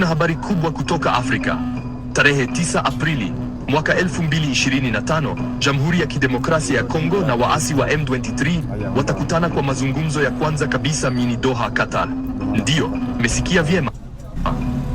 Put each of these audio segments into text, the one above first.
kuna habari kubwa kutoka Afrika. Tarehe 9 Aprili mwaka 2025, Jamhuri ya Kidemokrasia ya Kongo na waasi wa M23 watakutana kwa mazungumzo ya kwanza kabisa mini Doha, Qatar. Ndiyo, mmesikia vyema.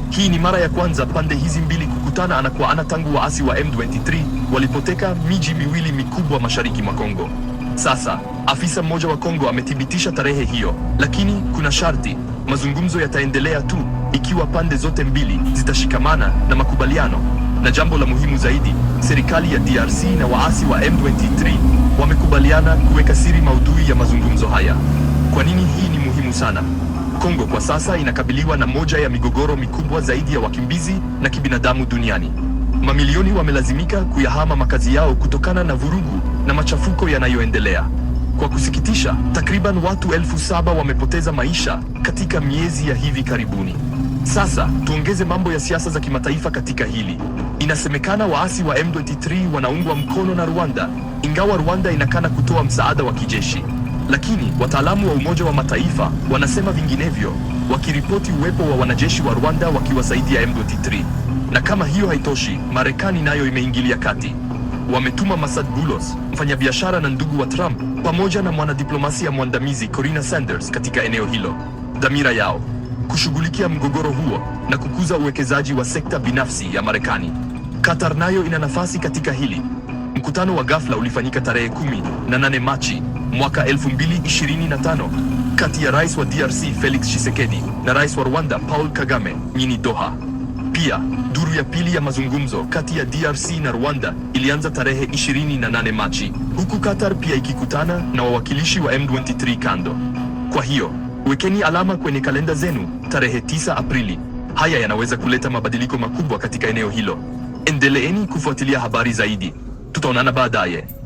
Hii ni mara ya kwanza pande hizi mbili kukutana ana kwa ana tangu waasi wa M23 walipoteka miji miwili mikubwa mashariki mwa Kongo. Sasa afisa mmoja wa Kongo amethibitisha tarehe hiyo, lakini kuna sharti: mazungumzo yataendelea tu ikiwa pande zote mbili zitashikamana na makubaliano. Na jambo la muhimu zaidi, serikali ya DRC na waasi wa M23 wamekubaliana kuweka siri maudhui ya mazungumzo haya. Kwa nini hii ni muhimu sana? Kongo kwa sasa inakabiliwa na moja ya migogoro mikubwa zaidi ya wakimbizi na kibinadamu duniani. Mamilioni wamelazimika kuyahama makazi yao kutokana na vurugu na machafuko yanayoendelea. Kwa kusikitisha, takriban watu elfu saba wamepoteza maisha katika miezi ya hivi karibuni. Sasa tuongeze mambo ya siasa za kimataifa katika hili. Inasemekana waasi wa M23 wanaungwa mkono na Rwanda, ingawa Rwanda inakana kutoa msaada wa kijeshi. Lakini wataalamu wa Umoja wa Mataifa wanasema vinginevyo, wakiripoti uwepo wa wanajeshi wa Rwanda wakiwasaidia M23. Na kama hiyo haitoshi, Marekani nayo imeingilia kati wametuma Masad Bulos, mfanyabiashara na ndugu wa Trump, pamoja na mwanadiplomasia mwandamizi Corina Sanders katika eneo hilo. Dhamira yao kushughulikia mgogoro huo na kukuza uwekezaji wa sekta binafsi ya Marekani. Qatar nayo ina nafasi katika hili. Mkutano wa ghafla ulifanyika tarehe 10 na 8 Machi mwaka 2025 kati ya Rais wa DRC Felix Tshisekedi na Rais wa Rwanda Paul Kagame mjini Doha. Pia duru ya pili ya mazungumzo kati ya DRC na Rwanda ilianza tarehe 28 Machi, huku Qatar pia ikikutana na wawakilishi wa M23 kando. Kwa hiyo wekeni alama kwenye kalenda zenu tarehe 9 Aprili. Haya yanaweza kuleta mabadiliko makubwa katika eneo hilo. Endeleeni kufuatilia habari zaidi, tutaonana baadaye.